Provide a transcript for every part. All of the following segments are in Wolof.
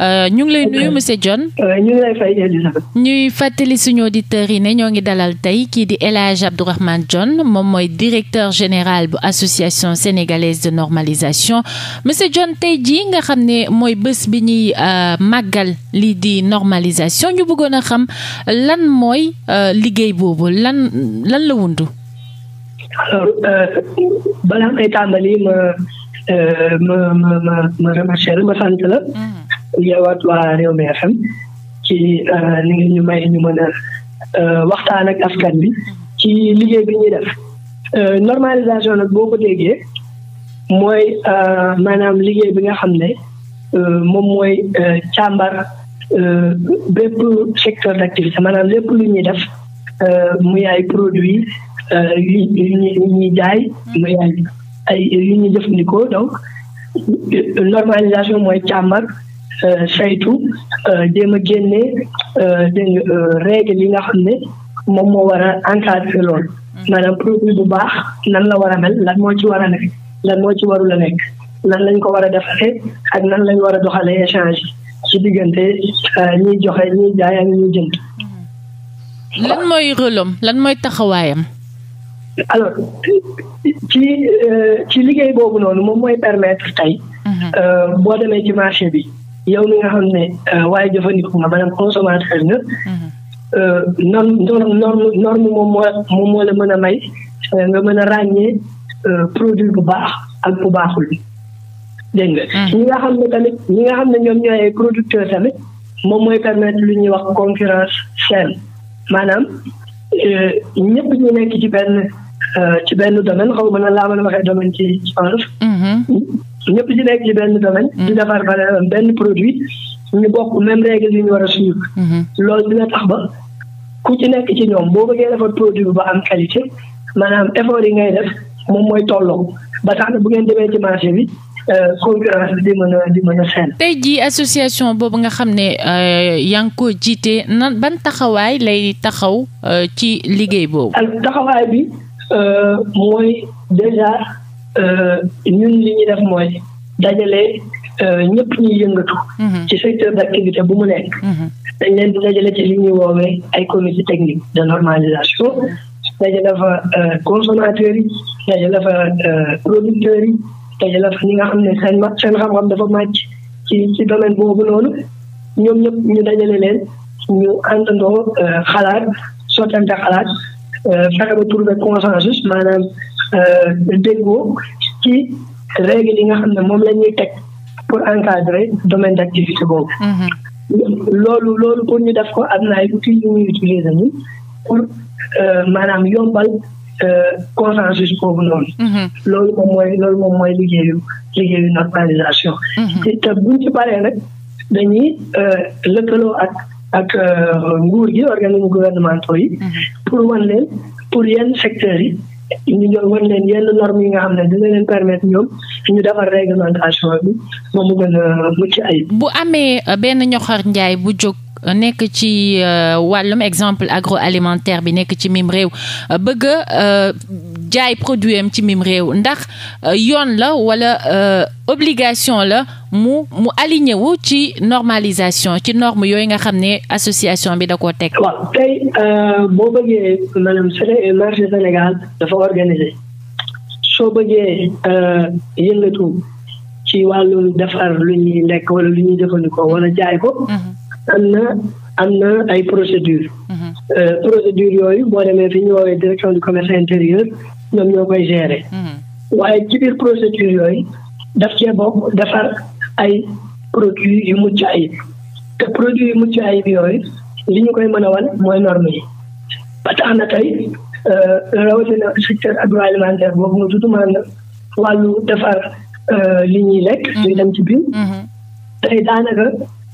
Euh, ñu ngi lay nuyu euh, monsieur Dione. Euh, ñu ngi lay fàttali suñu auditeurs yi ne ñoo ngi dalal tey kii di El Hadj Abdourahmane moom mooy directeur général bu association sénégalaise de normalisation monsieur Dione tey jii nga xam ne mooy bés bi ñuy màggal lii di normalisation ñu bëggoon a xam lan mooy liggéey boobu lan lan la wundu. alors balaa yeewaat waa Rewmi FM ci euh, li ngi ñu may ñu mën a euh, waxtaan ak askan bi ci liggéey bi ñuy def euh, normalisation nag boo ko déggee mooy maanaam liggéey bi nga xam ne moom mooy càmbar bépp secteur d'activité maanaam lépp lu ñuy def muy ay produits yu yu jaay muy ay ay yu ñuy jëfandikoo donc normalisation mooy càmbar Euh, saytu euh, jéem a génne euh, dégg règle yi nga xam ne moom moo war a encadré loolu mm-hmm. maanaam produit bu baax nan la war a mel lan moo ci war a nekk lan moo ci warul a nekk nan lañ ko war a defaree ak nan lañ war a doxalee échange ci diggante ñiy joxe ñiy jaay ak ñiy jënd. Mm-hmm. lan mooy rôle lan mooy taxawaayam. alors ci ci liggéey boobu noonu moom mooy permettre tey. Mm-hmm. boo demee ci marché bi. yow mi nga xam ne euh, waaye jëfandiku nga maanaam consommateur nga mhm. euh, norme norme norme moom moo moom moo la mën a may euh, nga mën a ràññee produit bu baax ak bu baaxul dégg nga mhm. ñi nga xam ne tamit ñi nga xam ne ñoom ñooy ay producteur tamit moom mooy permettre lu ñuy wax concurrence saine maanaam ñëpp ñu nekk ci benn ci benn domaine xaw mën a laa mën waxee domaine ci ci ñëpp ci nekk ci benn domaine. Mm-hmm. di defar benn produit ñu bokk même règle yi ñu war a suivre. Mm-hmm. loolu dina tax ba ku ci nekk ci ñoom boo bëggee defar produit bu ba am qualité maanaam effort yi ngay def moom mooy tolloo ba tax na bu ngeen demee ci marché bi. Euh, concurrence bi di mën a di mën a seen. tey jii association boobu nga xam ne euh, yaa ngi ko jiite nan ban taxawaay lay taxaw euh, ci liggéey boobu. taxawaay bi mooy déjà. Euh, ñun li def mooy dajale euh, ñëpp ñuy yëngatu. Mhm. ci secteur d'activité bu mu nekk. Mhm. dañ leen di dajale ci li ñuy woowee ay comité technique de normalisation dajale fa euh, consommateurs yi dajale fa producteurs yi dajale fa ñi nga xam ne seen seen xam-xam dafa màcc ci ci domaine boobu lool ñoom ñëpp ñu dajale leen ñu àndandoo xalaat sottante xalaat fexe ba trouver consensus maanaam. Euh, déggoo ci règle yi nga xam ne moom lañuy ñuy teg pour encadrer domaine d'activité boobu. Mhm. loolu loolu pour ñu def ko am na ay outils utiliser ñun pour euh, maanaam yombal euh, consensus boobu noonu. Mhm. loolu moom mooy loolu moom mooy liggéeyu liggéeyu normalisation. Mhm. te buñ ci paree nag dañuy lëkkaloo ak ak nguur gi organisme gouvernementaux yi. pour wan pour yenn secteur yi. ñu jël wan leen yenn normes yi nga xam ne dina leen permettre ñoom ñu defar réglementation bi moom mu gën a bu amee euh, benn ñoxor njaay bu jóg. Euh, nekk ci euh, wàllum exemple agro alimentaire bi nekk ci mim réew bëgg jaay produit am ci mim réew ndax yoon la walla obligation la mu mu aligné ci normalisation ci norme yooyu nga xam ne association bi da koo teg. boo bëggee maanaam Sénégal dafa organisé soo bëggee euh, yëngatu ci wàllu defar lu ñuy lekk wala lu ñuy jëfandikoo wala jaay ko. Mm-hmm. am na am na ay procédure mm-hmm. euh, procédure yooyu boo demee fi ñu woowee direction du commerce intérieur ñoom ñoo koy gérer. Mm-hmm. waaye ci biir procédure yooyu daf cee bokk defar ay produits yu mucc ayib te produits yu mucc ayib yooyu li ñu koy mën a wan mooy norme yi ba tax Euh, rawatina secteur agroalimentaire boobu nga tudd maanaam wàllu defar euh, li ñuy lekk. Mm-hmm. dem ci biir. Mm-hmm. tey daanaka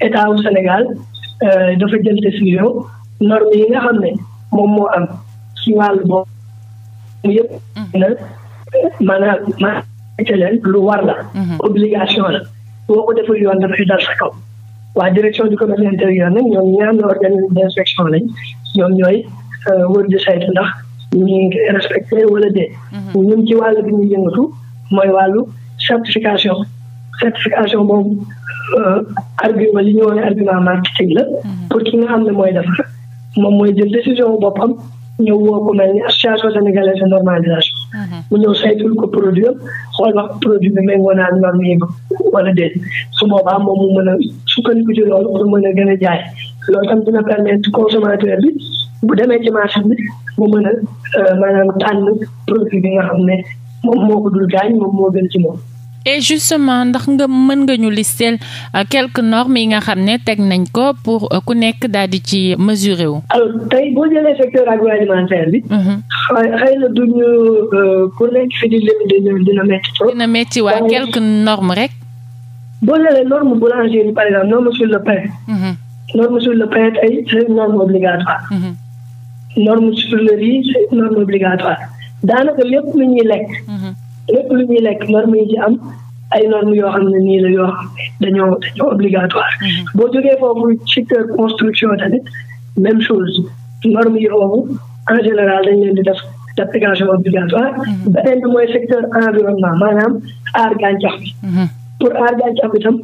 état wu Sénégal euh, dafa jël décision normes yi nga xam ne moom moo am ci wàllu boobu yëpp. Mm-hmm. maanaam maanaam ci leen lu war la. obligation la boo ko deful yoon dafay dal sa kaw. waa direction du commerce intérieur nag ñoom ñaar organisme d' inspection ñoom ñooy wër di ndax. ñu ngi respecté wala déet. Mhm. ñun ci wàll bi ñuy yëngatu mooy wàllu certification certification boobu euh, argument li ñu woowee argument marketing la. Mhm. pour ki nga xam ne mooy defar moom mooy jël décision boppam ñëw woo ko mel ni association sénégalaise de normalisation. Mhm. mu ñëw saytul ko produit am xool wax produit bi méngoo naa a yi wala déet su boobaa moom mu mën a sukkandiku ci loolu pour mën a gën a jaay loolu tam dina permettre consommateur bi bu ci marché bi mu mën a. Euh, maanaam tànn produit bi nga xam moo ko dul gaañ moom moo gën ci moom. justement ndax nga mën nga ñu listeel euh, quelques normes yi nga xam ne teg nañ ko pour euh, ku nekk daal di ci mesurer wu. alors tey boo jëlee secteur agroalimentaire bi. Mhm. xëy na du ñu ku nekk fi di lim dina métti trop. waa quelques normes rek. boo jëlee norme boulangerie norme sur le riz c'est norme obligatoire daanaka lépp lu ñuy lekk. Mhm. lépp lu ñuy lekk norme yi ci am ay normes yoo xam ne nii la yoo dañoo dañoo obligatoire. Mhm. boo jógee foofu secteur construction tamit même chose normes yi foofu en général dañ leen di def d'application obligatoire. Mhm. beneen bi mooy secteur environnement maanaam aar gàncax bi. pour aar gàncax bi tam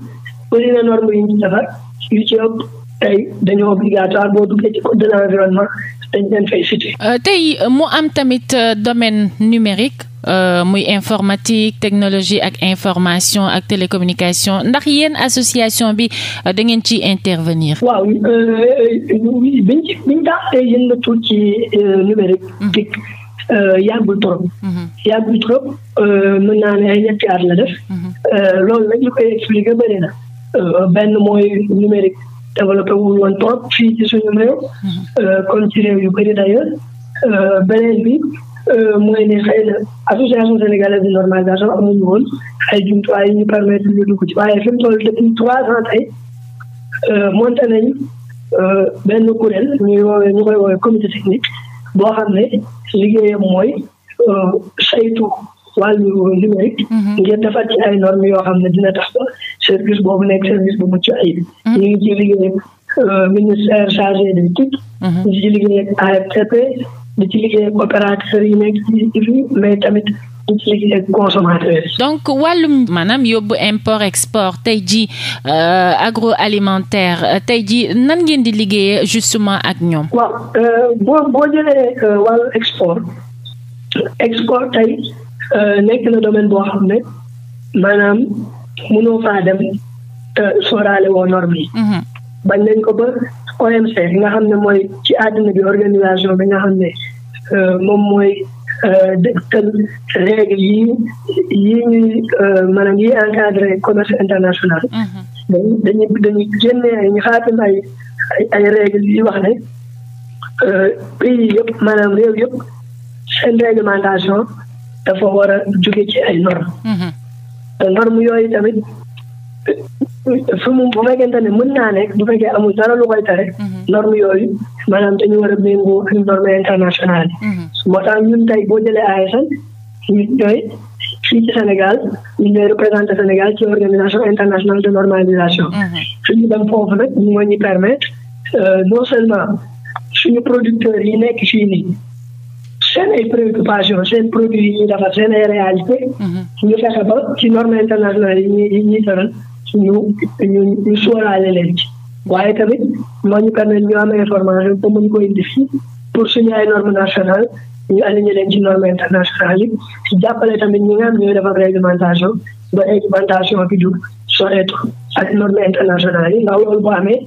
bëri na normes yi ñu defar yu ci ëpp dañoo obligatoire boo duggee ci code de l'environnement dañ leen euh, tey euh, mu am tamit euh, domaine numérique muy informatique technologie ak information ak télécommunication ndax yéen association bi da ngeen ci intervenir. waaw biñ ci biñ daa yëngatu ci numérique. Mhm. yàggul trop. Mhm. yàggul trop mën naa ne ay ñetti at la def. Mhm. loolu nag li koy expliqué bëri na benn mooy numérique. développé wul woon trop fii ci suñu réew. comme mhm. euh, ci réew yu bëri d'ailleurs euh, beneen bi euh, mooy ne xëy na association sénégalaise de normalisation amuñu woon ay jumtuwaay yi ñu permettre ñu dugg ci waaye fi mu toll depuis trois ans tey monté nañ koy woowee comité technique boo xam ne liggéeyam mooy saytu wàllu numérique mhm. ngir defar ci ay normes yoo xam ne dina tax ba service boobu nekk service bu mucc ayib. Mhm. ñu ngi ci liggéey ak euh, ministère chargé des titres. ñu ngi ci liggéey ak mhm. ARTP di ci liggéey ak yi nekk ci mais tamit. donc wàllum maanaam yóbbu import export tey jii euh, agroalimentaire tey jii nan ngeen di liggéeyee justement ak ñoom. waaw euh, boo boo jëlee wàllu export export tey nekk na domaine boo xam ne maanaam. mënoo faa dem te sóoraale woo norme yi. Mhm. bañ nañ ko ba OMC nga xam ne mooy ci àddina bi organisation bi nga xam ne euh, moom mooy euh, dëgtal yi yi ñuy euh, maanaam yi encadré commerce international. Mhm. dañuy dañuy dañuy génne ay ñu xaatim ay ay règle yi wax ne pays yëpp maanaam réew yëpp seen réglementation dafa war a jóge ci ay normes. Mhm. norme yooyu tamit fi mu bu fekkente ne mën naa nekk bu fekkee amul dara lu koy tere mhm. norme yooyu maanaam dañu war a méngoo ak norme internationale yi mhm. moo tax ñun tey boo jëlee ASN ñu ñooy fii ci Sénégal ñu ñooy représenté Sénégal ci organisation internationale de normalisation suñu mhm. dem foofu nag ñu moo ñu permettre euh, non seulement suñu producteurs yi nekk fii nii seen ay préoccupation seen produit yi ñuy defar seen ay réalité ñu fexe ba ci normes internationales yi ñuy yi ñuy tëral ñu ñu ñu sóoraale leen ci waaye tamit moo ñu ñu am information ba mën ko indi fii pour suñu ay normes nationales ñu aligné leen ci normes internationales yi ci jàppale tamit ñi nga xam ñooy defar réglementation ba a bi du soreetu ak normes internationales yi ndax loolu boo amee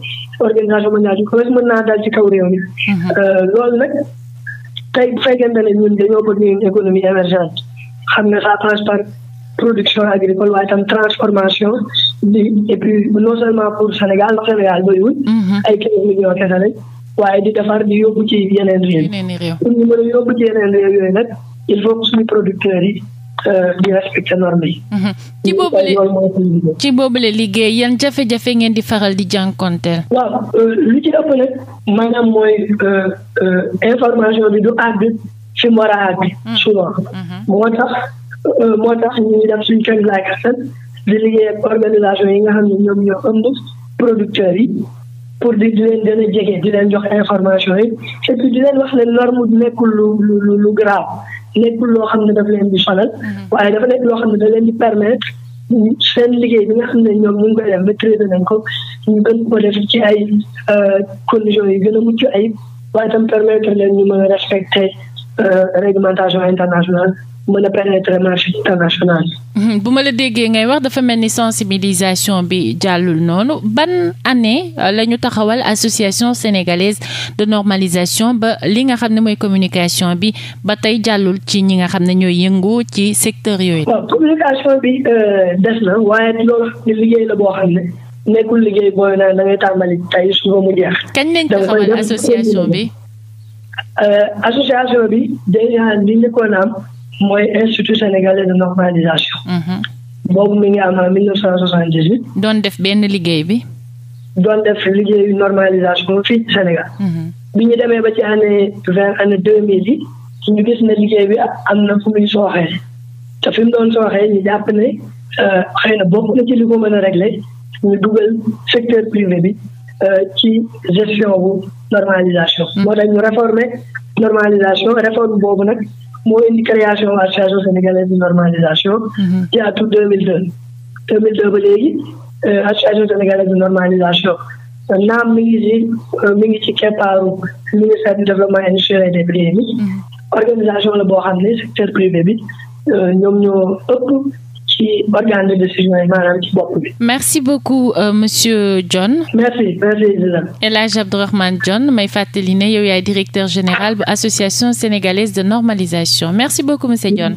organisation mondiale du commerce mën naa dal ci kaw réew mi loolu tey bu fekkente ne ñun dañoo bëgg une économie émergente xam ne ça passe par production agricole waaye tam transformation di et puis non seulement pour Sénégal ndax Sénégal doyul. Mhm. ay waaye di defar di yóbbu ci yeneen réew. pour ñu mën a yóbbu ci yeneen réew nag il faut que suñu producteurs yi. Euh, di respecté norme yi. Mhm. ci boobule ci le liggéey yan jafe-jafe ngeen di faral di jànkonteel. waaw euh, li ci ëpp nag manam mooy euh, information bi du àgg ci moral bi. Mhm. souvent mhm. moo tax moo tax ñu ngi def suñu kenn laaj ak di liggéey ak organisation yi nga xam ne ñoom ñoo ëmb producteurs yi. pour di leen gën a jege di leen jox information yi et puis di leen wax ne norme nekkul lu lu lu grave nekkul loo xam ne daf leen di sonal mhm. waaye dafa nekk loo xam ne da leen di permettre seen liggéey bi nga xam ne ñoom ñu ngi koy def maîtriser nañ ko ñu gën ko def ci ay euh, conditions yi gën a mucc ayib waaye itam permettre leen ñu mën a respecter euh, réglementation internationale mën a pénétrer marché international mhm, bu ma la déggee ngay wax dafa mel ni sensibilisation bi jàllul noonu ban année euh, lañu taxawal association sénégalaise de normalisation ba li nga xam ne mooy communication bi ba tey jàllul ci ñi nga xam ne ñooy yëngu ci secteur yooyu. waaw communication bi euh, des na waaye loolu liggéey la boo xam ne nekkul liggéey booy naan da ngay tàmbali tey suba mu jeex. kañ lañ taxawal association bi. Euh, association bi déjà li ko naam mooy institut sénégalais de normalisation. Mhm. boobu mi ngi am en 1978. doon def benn liggéey bi. doon def liggéeyu normalisation fii ci Sénégal. Mhm. bi ñu demee ba ci année vingt année deux mille yi. ñu gis na liggéey bi am na fu muy sooxee. te fi mu doon sooxee ñu jàpp ne euh, xëy na bokk na ci li ko mën a régler ñu dugal secteur privé bi euh, ci gestion bu normalisation. Mhm. moo tax ñu réformer normalisation réforme boobu nag. moo indi création association sénégalaise de normalisation. ci mhm. atum deux mille deux. deux mille deux ba léegi euh, association sénégalaise de normalisation naam mi ngi ci euh, mi ngi ci keppaaru ministère du développement industriel des réew mi mhm. organisation la boo xam ne secteur privé bi euh, ñoom ñoo ci organe de décision euh, monsieur Dione. merci merci Zina. El Hadj Abdourahmane Dione may fàttali ne yow yaay directeur général bu association sénégalaise de normalisation merci beaucoup monsieur Dione.